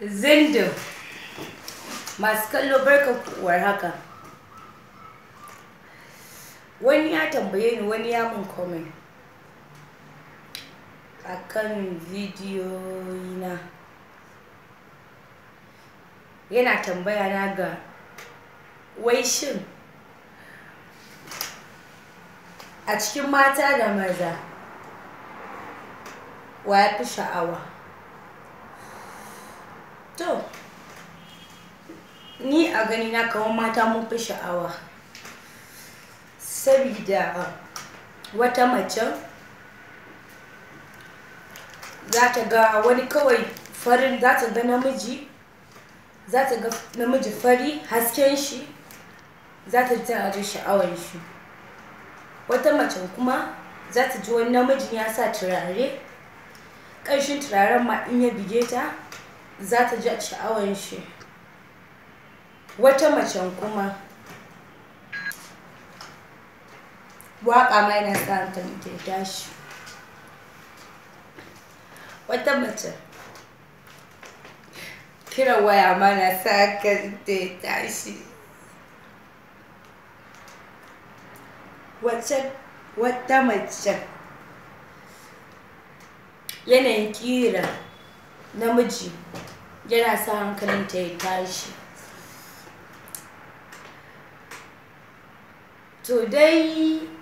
zindin masu kallo barkan kuwar haka wani ya tambaye ni wani ya mun komen a kan na yana tambaya na ga wai shi a cikin mata da maza wa ya fi sha'awa To, ni a gani na kawo mata mun fi sha'awa. Sabida wata mace za ta ga wani kawai farin za ta ga namiji za ta ga namiji fari hasken shi za ta ji tana sha'awar shi wata mace kuma za ta ji wani namijin ya sa turare shi turaren ma in ya bige ta za ta ji sha'awar shi wata macen kuma waƙa ma yana sa hankalin ta tashi wata mace kiran waya ma na sa hankalin ta tashi wata mace yanayin ƙira namiji yana sa hankalinta ya tashi to dai